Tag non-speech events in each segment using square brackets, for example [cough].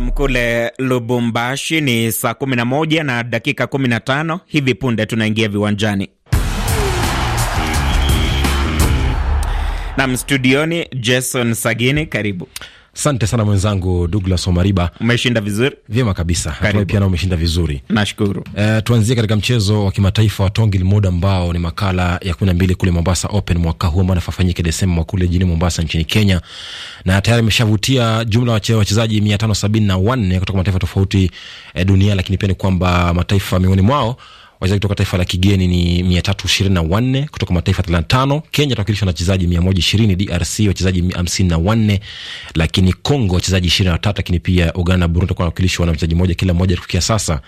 Nam kule Lubumbashi ni saa 11 na dakika 15. Hivi punde tunaingia viwanjani nam studioni. Jason Sagini, karibu. Asante sana mwenzangu Douglas Omariba, umeshinda vizuri. Vyema kabisa, pia nao umeshinda vizuri, nashukuru. Uh, tuanzie katika mchezo wa kimataifa wa Tongil Mod ambao ni makala ya kumi na mbili kule Mombasa Open mwaka huu ambao nafafanyike Desemba kule jijini Mombasa nchini Kenya, na tayari imeshavutia jumla ya wachezaji mia tano sabini na wanne kutoka mataifa tofauti e, eh, dunia lakini pia ni kwamba mataifa miongoni mwao wachezaji kutoka taifa la kigeni ni mia tatu ishirini na wanne kutoka mataifa thelathini na tano. Kenya itawakilishwa na wachezaji mia moja ishirini, DRC wachezaji hamsini na wanne, lakini Congo wachezaji ishirini na tatu, lakini pia Uganda na Burundi watakuwa wanawakilishwa na mchezaji mmoja kila mmoja kufikia sasa.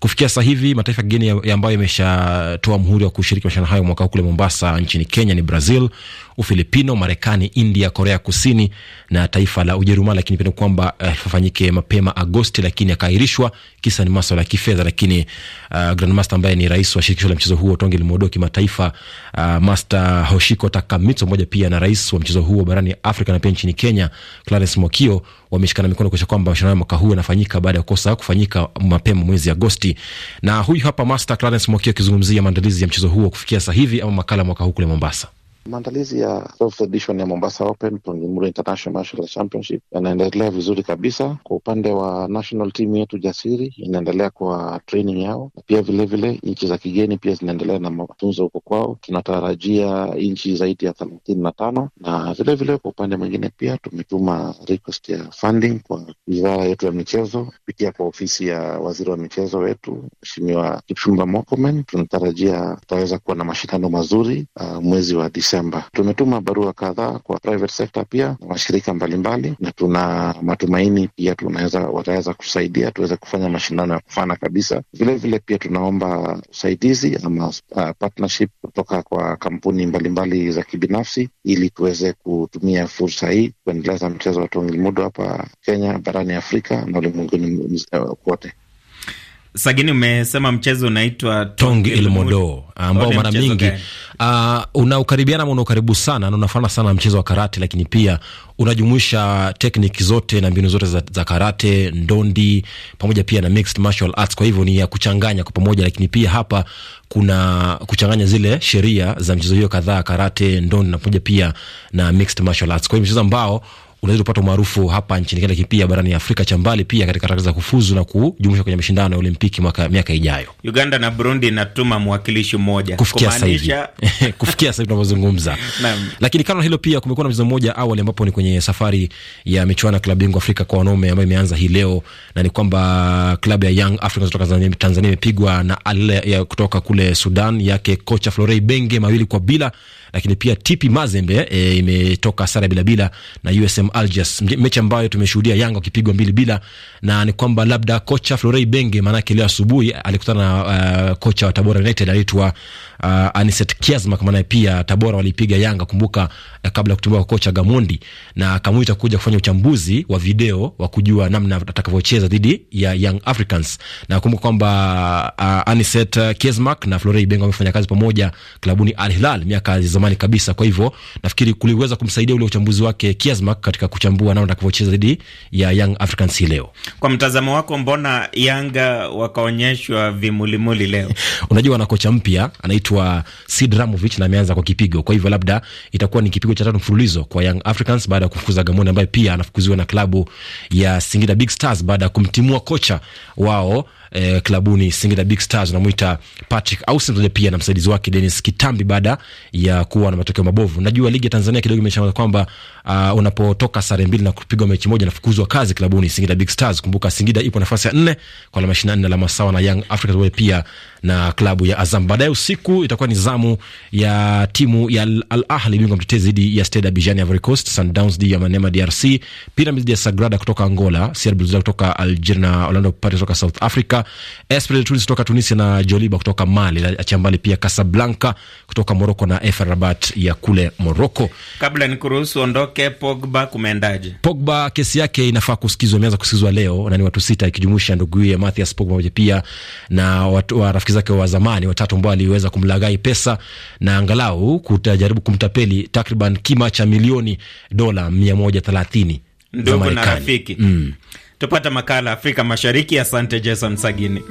Kufikia sasa hivi mataifa ya kigeni ambayo yameshatoa mhuri wa kushiriki mashindano hayo mwaka huu kule Mombasa nchini Kenya ni Brazil, Ufilipino, Marekani, India, Korea Kusini na taifa la Ujerumani, lakini pia kwamba eh, ifanyike uh, mapema Agosti, lakini akaahirishwa, kisa ni maswala ya kifedha. Lakini uh, Grandmaster ambaye ni rais wa shirikisho la mchezo huo tonge limodo kimataifa, uh, Master Hoshiko Takamitsu mmoja pia na rais wa mchezo huo barani Afrika na pia nchini Kenya Clarence Mokio wameshikana mikono kuisha kwamba mashindano ya mwaka huu yanafanyika baada ya kukosa kufanyika mapema mwezi Agosti. Na huyu hapa Master Clarence Mokio akizungumzia maandalizi ya mchezo huo kufikia sasa hivi ama makala mwaka huu kule Mombasa. Maandalizi ya fourth edition ya Mombasa Open Tungimbure International Mashua Championship yanaendelea vizuri kabisa. Kwa upande wa national team yetu Jasiri inaendelea kwa training yao, na pia vilevile nchi za kigeni pia zinaendelea na mafunzo huko kwao. Tunatarajia nchi zaidi ya thelathini na tano na vilevile kwa upande mwingine pia tumetuma request ya funding kwa wizara yetu ya michezo kupitia kwa ofisi ya waziri wa michezo wetu Mheshimiwa Kipchumba Murkomen. Tunatarajia tutaweza kuwa na mashindano mazuri uh, mwezi wa Disemba. Desemba. Tumetuma barua kadhaa kwa private sector pia na washirika mbalimbali, na tuna matumaini pia tunaweza wataweza kusaidia tuweze kufanya mashindano ya kufana kabisa. Vilevile vile pia tunaomba usaidizi ama uh, partnership kutoka kwa kampuni mbalimbali mbali za kibinafsi ili tuweze kutumia fursa hii kuendeleza mchezo wa tongimudo hapa Kenya, barani Afrika na ulimwenguni uh, kote. Sagini, umesema mchezo unaitwa Tong Ilmodo ambao mara mingi uh, unaukaribiana ama unaukaribu sana na unafana sana na mchezo wa karate, lakini pia unajumuisha tekniki zote na mbinu zote za, za karate, ndondi pamoja pia na mixed martial arts. Kwa hivyo ni ya kuchanganya kwa pamoja, lakini pia hapa kuna kuchanganya zile sheria za mchezo hiyo kadhaa, karate, ndondi na pamoja pia na mixed martial arts. Kwa hiyo mchezo ambao unaweza kupata umaarufu hapa nchini Kenya, lakini pia barani Afrika cha mbali, pia katika harakati za kufuzu na kujumuisha kwenye mashindano ya Olimpiki mwaka miaka ijayo. Uganda na Burundi inatuma mwakilishi mmoja kufikia sasa hivi [laughs] kufikia sasa hivi tunavyozungumza. Lakini kando hilo pia kumekuwa na mchezo mmoja awali ambapo ni kwenye safari ya michuano ya klabu bingwa Afrika kwa wanaume ambayo imeanza hii leo, na ni kwamba klabu ya Young Africans kutoka Tanzania imepigwa na Al Ahly kutoka kule Sudan yake kocha Florent Ibenge mawili kwa bila lakini pia TP Mazembe e, imetoka sare bila bila na USM Alges, mechi ambayo tumeshuhudia Yanga wakipigwa mbili bila, na ni kwamba labda kocha florei benge maanake leo asubuhi alikutana na uh, kocha wa Tabora United anaitwa uh, Aniset Kiasma kwa maana pia Tabora walipiga Yanga, kumbuka uh, kabla ya kutumwa kwa kocha Gamondi, na Kamui kuja kufanya uchambuzi wa video wa kujua namna atakavyocheza dhidi ya Young Africans, na kumbuka kwamba uh, Aniset Kiasma na Florey Bengo wamefanya kazi pamoja klabuni Al Hilal miaka ya zamani kabisa. Kwa hivyo nafikiri kuliweza kumsaidia ule uchambuzi wake Kiasma katika kuchambua namna atakavyocheza dhidi ya Young Africans hii leo. Kwa mtazamo wako, mbona Yanga wakaonyeshwa vimulimuli leo? [laughs] Unajua wana kocha mpya anaitwa anaitwa Sidramovic na ameanza kwa kipigo. Kwa hivyo labda itakuwa ni kipigo cha tatu mfululizo kwa Young Africans baada ya kufukuza Gamoni ambaye pia anafukuziwa na klabu ya Singida Big Stars baada ya kumtimua kocha wao eh, klabuni Singida Big Stars, namwita Patrick Ausi pia na msaidizi wake Dennis Kitambi baada ya kuwa na matokeo mabovu. Najua ligi ya Tanzania kidogo imeshangaza kwamba uh, unapotoka sare mbili na kupigwa mechi moja nafukuzwa kazi klabuni Singida Big Stars. Kumbuka Singida ipo nafasi ya nne kwa alama na nne alama sawa na Young Africans wao pia na klabu ya Azam. Baadaye usiku itakuwa ni zamu ya timu ya Al Ahli bingwa mtetezi dhidi ya Stade Abidjan Ivory Coast, Sundowns dhidi ya Manema DRC, Pyramids dhidi ya Sagrada kutoka Angola, CR Belouizdad kutoka Algeria na Orlando Pirates kutoka South Africa kutoka Esperance Tunis kutoka Tunisia na Joliba kutoka Mali, acha pia Casablanca kutoka Morocco na FAR Rabat ya kule Morocco. Kabla nikuruhusu ondoke, Pogba kumeendaje? Pogba kesi yake inafaa kusikizwa, imeanza kusikizwa leo na ni watu sita ikijumuisha ndugu Mathias Pogba pamoja pia na watu wa rafiki zake wa zamani watatu ambao aliweza kumlaghai pesa na angalau kutajaribu kumtapeli takriban kima cha milioni dola 130 za Marekani. Mm tupata makala Afrika Mashariki. Asante Jason Sagini.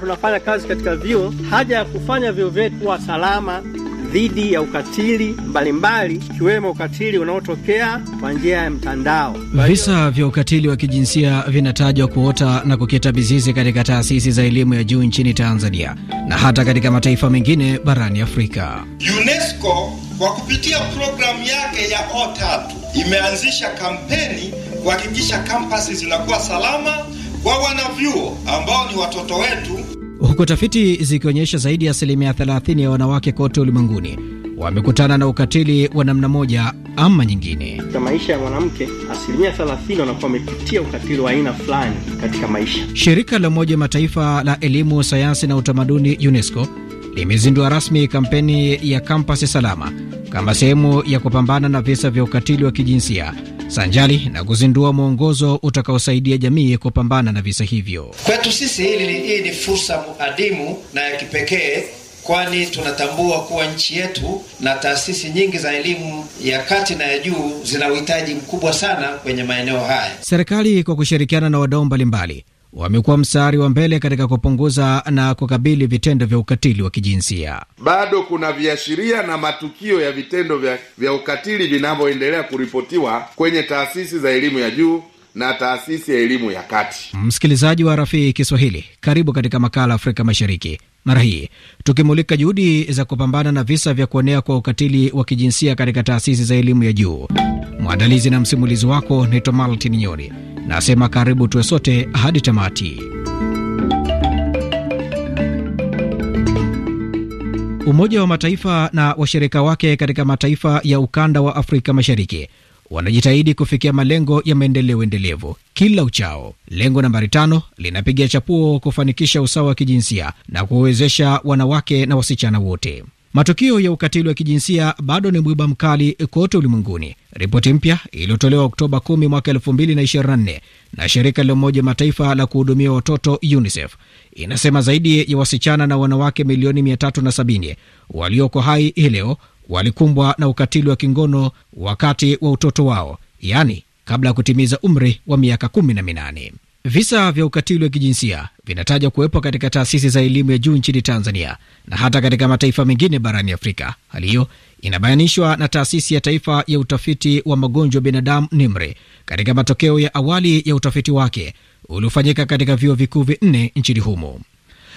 tunafanya kazi katika vio, haja ya kufanya vio vyetu kuwa salama dhidi ya ukatili mbalimbali ikiwemo ukatili unaotokea kwa njia ya mtandao. Visa vya ukatili wa kijinsia vinatajwa kuota na kukita mizizi katika taasisi za elimu ya juu nchini Tanzania na hata katika mataifa mengine barani Afrika. UNESCO kwa kupitia programu yake ya O3 imeanzisha kampeni kuhakikisha kampasi zinakuwa salama kwa wanavyuo ambao ni watoto wetu huku tafiti zikionyesha zaidi ya asilimia 30 ya wanawake kote ulimwenguni wamekutana na ukatili wa namna moja ama nyingine. Katika maisha ya mwanamke, asilimia 30 wanakuwa wamepitia ukatili wa aina fulani katika maisha. Shirika la Umoja Mataifa la Elimu, Sayansi na Utamaduni, UNESCO, limezindua rasmi kampeni ya kampasi salama kama sehemu ya kupambana na visa vya ukatili wa kijinsia sanjali na kuzindua mwongozo utakaosaidia jamii kupambana na visa hivyo. Kwetu sisi hili, hii ni fursa adimu na ya kipekee kwani tunatambua kuwa nchi yetu na taasisi nyingi za elimu ya kati na ya juu zina uhitaji mkubwa sana kwenye maeneo haya. Serikali kwa kushirikiana na wadau mbalimbali wamekuwa mstari wa mbele katika kupunguza na kukabili vitendo vya ukatili wa kijinsia. Bado kuna viashiria na matukio ya vitendo vya, vya ukatili vinavyoendelea kuripotiwa kwenye taasisi za elimu ya juu na taasisi ya elimu ya kati. Msikilizaji wa Rafii Kiswahili, karibu katika makala Afrika Mashariki. Mara hii tukimulika juhudi za kupambana na visa vya kuonea kwa ukatili wa kijinsia katika taasisi za elimu ya juu. Mwandalizi na msimulizi wako naitwa Maltin Nyoni. Nasema karibu tuwe sote hadi tamati. Umoja wa Mataifa na washirika wake katika mataifa ya ukanda wa Afrika Mashariki wanajitahidi kufikia malengo ya maendeleo endelevu kila uchao. Lengo nambari tano linapiga chapuo kufanikisha usawa wa kijinsia na kuwawezesha wanawake na wasichana wote. Matukio ya ukatili wa kijinsia bado ni mwiba mkali kote ulimwenguni. Ripoti mpya iliyotolewa Oktoba 10 mwaka 2024 na shirika la Umoja Mataifa la kuhudumia watoto UNICEF inasema zaidi ya wasichana na wanawake milioni 370 walioko hai hii leo walikumbwa na ukatili wa kingono wakati wa utoto wao, yaani kabla ya kutimiza umri wa miaka minane. Visa vya ukatili wa kijinsia vinataja kuwepo katika taasisi za elimu ya juu nchini Tanzania na hata katika mataifa mengine barani Afrika. Hali hiyo inabainishwa na taasisi ya taifa ya utafiti wa magonjwa binadamu NIMRI katika matokeo ya awali ya utafiti wake uliofanyika katika vyuo vikuu vinne nchini humo.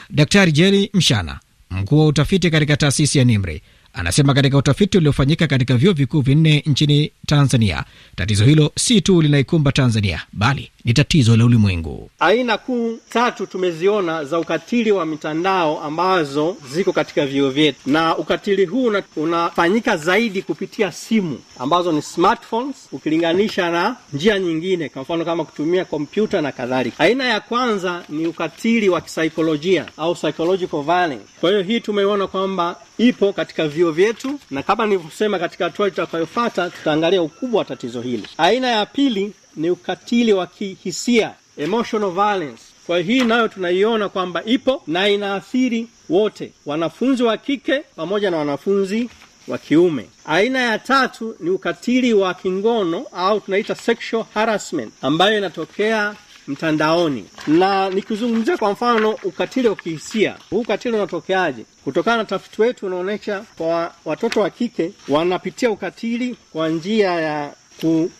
Daktari Jeri Mshana, mkuu wa utafiti katika taasisi ya NIMRI, anasema katika utafiti uliofanyika katika vyuo vikuu vinne nchini Tanzania, tatizo hilo si tu linaikumba Tanzania bali ni tatizo la ulimwengu. Aina kuu tatu tumeziona za ukatili wa mitandao ambazo ziko katika vyuo vyetu, na ukatili huu unafanyika zaidi kupitia simu ambazo ni smartphones, ukilinganisha na njia nyingine, kwa mfano kama kutumia kompyuta na kadhalika. Aina ya kwanza ni ukatili wa kisaikolojia au psychological violence. Kwa hiyo hii tumeona kwamba ipo katika vyuo vyetu, na kama nilivyosema katika hatua itakayofuata tutaangalia ukubwa wa tatizo hili. Aina ya pili ni ukatili wa kihisia emotional violence. Kwa hii nayo tunaiona kwamba ipo na inaathiri wote, wanafunzi wa kike pamoja na wanafunzi wa kiume. Aina ya tatu ni ukatili wa kingono au tunaita sexual harassment ambayo inatokea mtandaoni, na nikizungumzia kwa mfano ukatili wa kihisia, huu ukatili unatokeaje? Kutokana na tafiti wetu unaonyesha kwa watoto wa kike wanapitia ukatili kwa njia ya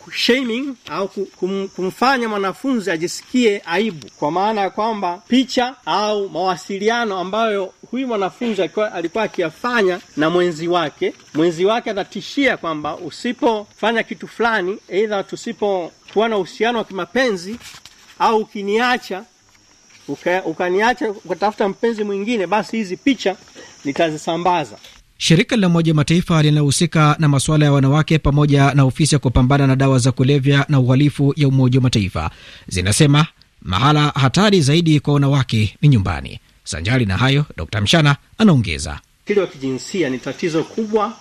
kushaming au kum, kumfanya mwanafunzi ajisikie aibu, kwa maana ya kwamba picha au mawasiliano ambayo huyu mwanafunzi alikuwa akiyafanya na mwenzi wake, mwenzi wake atatishia kwamba usipofanya kitu fulani, eidha tusipokuwa na uhusiano wa kimapenzi au ukiniacha ukaniacha ukatafuta mpenzi mwingine, basi hizi picha nitazisambaza. Shirika la Umoja Mataifa linalohusika na masuala ya wanawake pamoja na ofisi ya kupambana na dawa za kulevya na uhalifu ya Umoja wa Mataifa zinasema mahala hatari zaidi kwa wanawake ni nyumbani. Sanjari na hayo, d Mshana anaongeza, ukatili wa kijinsia ni tatizo kubwa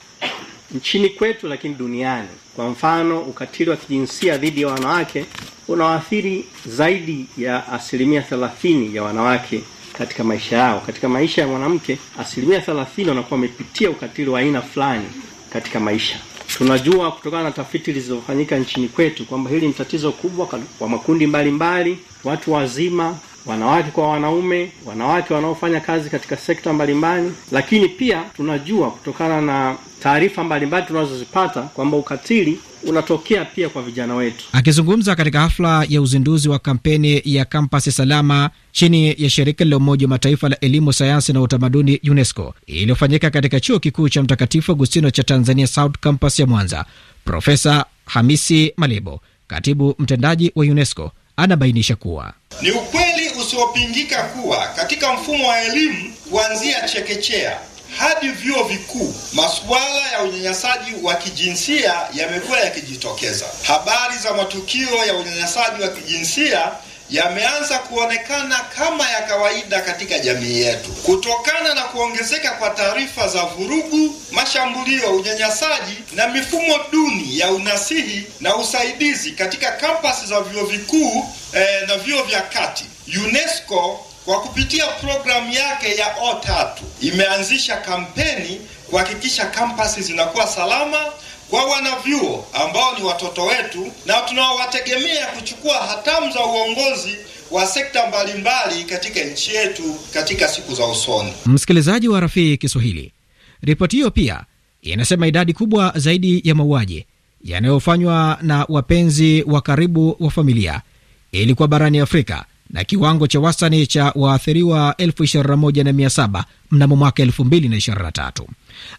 nchini kwetu, lakini duniani. Kwa mfano, ukatili wa kijinsia dhidi ya wanawake unawaathiri zaidi ya asilimia thelathini ya wanawake katika maisha yao. Katika maisha ya mwanamke asilimia thelathini wanakuwa wamepitia ukatili wa aina fulani katika maisha. Tunajua kutokana na tafiti zilizofanyika nchini kwetu kwamba hili ni tatizo kubwa kwa makundi mbalimbali mbali, watu wazima wanawake kwa wanaume, wanawake wanaofanya kazi katika sekta mbalimbali. Lakini pia tunajua kutokana na taarifa mbalimbali tunazozipata kwamba ukatili unatokea pia kwa vijana wetu. Akizungumza katika hafla ya uzinduzi wa kampeni ya kampasi salama chini ya shirika la Umoja wa Mataifa la elimu, sayansi na utamaduni UNESCO iliyofanyika katika chuo kikuu cha Mtakatifu Agustino cha Tanzania South Campus ya Mwanza, Profesa Hamisi Malebo, katibu mtendaji wa UNESCO anabainisha kuwa ni ukweli usiopingika kuwa katika mfumo wa elimu kuanzia chekechea hadi vyuo vikuu masuala ya unyanyasaji wa kijinsia yamekuwa yakijitokeza. Habari za matukio ya unyanyasaji wa kijinsia yameanza kuonekana kama ya kawaida katika jamii yetu kutokana na kuongezeka kwa taarifa za vurugu, mashambulio, unyanyasaji na mifumo duni ya unasihi na usaidizi katika kampasi za vyuo vikuu eh, na vyuo vya kati. UNESCO kwa kupitia programu yake ya O3 imeanzisha kampeni kuhakikisha kampasi zinakuwa salama kwa wanavyuo ambao ni watoto wetu na tunawategemea kuchukua hatamu za uongozi wa sekta mbalimbali katika nchi yetu katika siku za usoni. Msikilizaji wa Rafii Kiswahili, ripoti hiyo pia inasema idadi kubwa zaidi ya mauaji yanayofanywa na wapenzi wa karibu wa familia ilikuwa barani Afrika na kiwango cha wastani cha waathiriwa 21,700 mnamo mwaka 2023.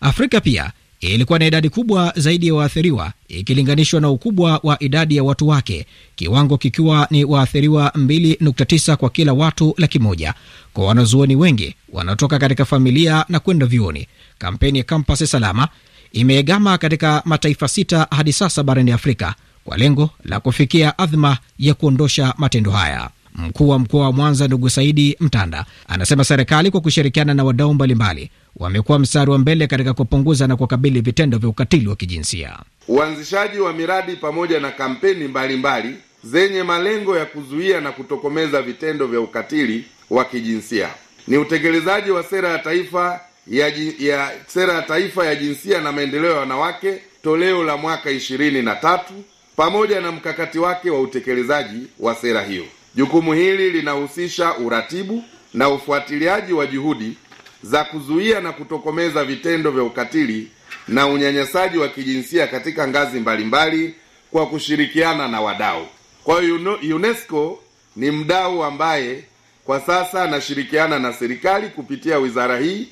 Afrika pia ilikuwa na idadi kubwa zaidi ya waathiriwa ikilinganishwa na ukubwa wa idadi ya watu wake, kiwango kikiwa ni waathiriwa 2.9 kwa kila watu laki moja. Kwa wanazuoni wengi wanaotoka katika familia na kwenda vyuoni, kampeni ya kampasi salama imeegama katika mataifa sita hadi sasa barani Afrika kwa lengo la kufikia adhma ya kuondosha matendo haya. Mkuu wa mkoa wa Mwanza ndugu Saidi Mtanda anasema serikali kwa kushirikiana na wadau mbalimbali wamekuwa mstari wa mbele katika kupunguza na kukabili vitendo vya ukatili wa kijinsia. Uanzishaji wa miradi pamoja na kampeni mbalimbali mbali zenye malengo ya kuzuia na kutokomeza vitendo vya ukatili wa kijinsia ni utekelezaji wa sera ya taifa ya, ya sera ya taifa ya jinsia na maendeleo ya wanawake toleo la mwaka ishirini na tatu pamoja na mkakati wake wa utekelezaji wa sera hiyo. Jukumu hili linahusisha uratibu na ufuatiliaji wa juhudi za kuzuia na kutokomeza vitendo vya ukatili na unyanyasaji wa kijinsia katika ngazi mbalimbali mbali kwa kushirikiana na wadau. Kwa hiyo UNESCO ni mdau ambaye kwa sasa anashirikiana na serikali kupitia wizara hii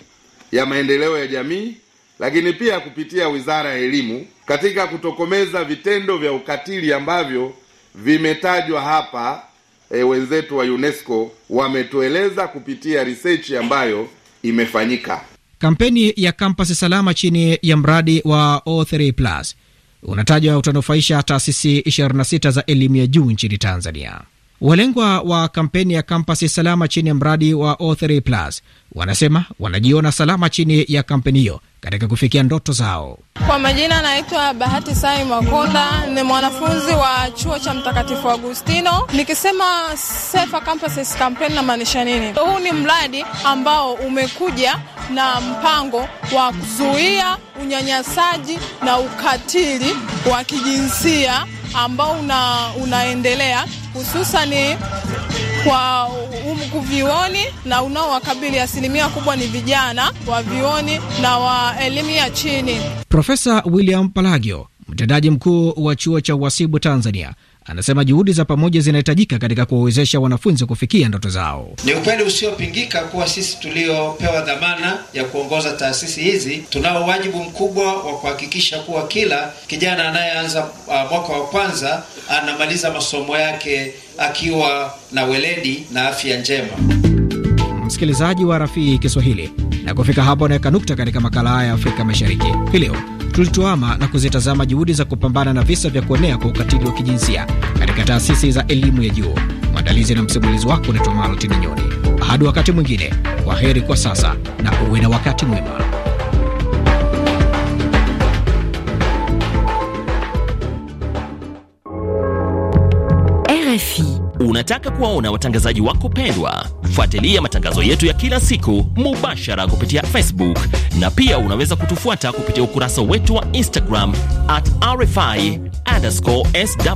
ya maendeleo ya jamii, lakini pia kupitia wizara ya elimu katika kutokomeza vitendo vya ukatili ambavyo vimetajwa hapa. E, wenzetu wa UNESCO wametueleza kupitia research ambayo imefanyika. Kampeni ya kampasi salama chini ya mradi wa O3 Plus unatajwa utanufaisha taasisi 26 za elimu ya juu nchini Tanzania. Walengwa wa kampeni ya kampasi salama chini ya mradi wa O3 Plus wanasema wanajiona salama chini ya kampeni hiyo katika kufikia ndoto zao. Kwa majina anaitwa Bahati Sai Makonda, ni mwanafunzi wa chuo cha Mtakatifu Agustino. Nikisema Safer Campuses Campaign namaanisha nini? Huu ni mradi ambao umekuja na mpango wa kuzuia unyanyasaji na ukatili wa kijinsia ambao una, unaendelea hususani kwa um, vioni na unaowakabili asilimia kubwa ni vijana wa vioni na wa elimu ya chini. Profesa William Palagio, mtendaji mkuu wa chuo cha uhasibu Tanzania anasema juhudi za pamoja zinahitajika katika kuwawezesha wanafunzi kufikia ndoto zao. Ni ukweli usiopingika kuwa sisi tuliopewa dhamana ya kuongoza taasisi hizi tunao wajibu mkubwa wa kuhakikisha kuwa kila kijana anayeanza uh, mwaka wa kwanza anamaliza masomo yake akiwa na weledi na afya njema. Msikilizaji wa Rafii Kiswahili, na kufika hapo naweka nukta katika makala haya ya Afrika Mashariki hii leo tulituama na kuzitazama juhudi za kupambana na visa vya kuenea kwa ukatili wa kijinsia katika taasisi za elimu ya juu. Mwandalizi na msimulizi wako naitwa Maltin Nyoni. Hadi wakati mwingine, kwa heri kwa sasa na uwe na wakati mwema. RFI. Unataka kuwaona watangazaji wako pendwa Fuatilia matangazo yetu ya kila siku mubashara kupitia Facebook na pia unaweza kutufuata kupitia ukurasa wetu wa Instagram at sw.